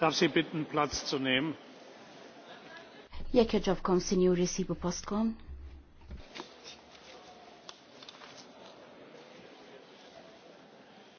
Darf Sie bitten, Platz zu nehmen? Jekke ja, jaġobkom, Sinjuri, sibu postkom.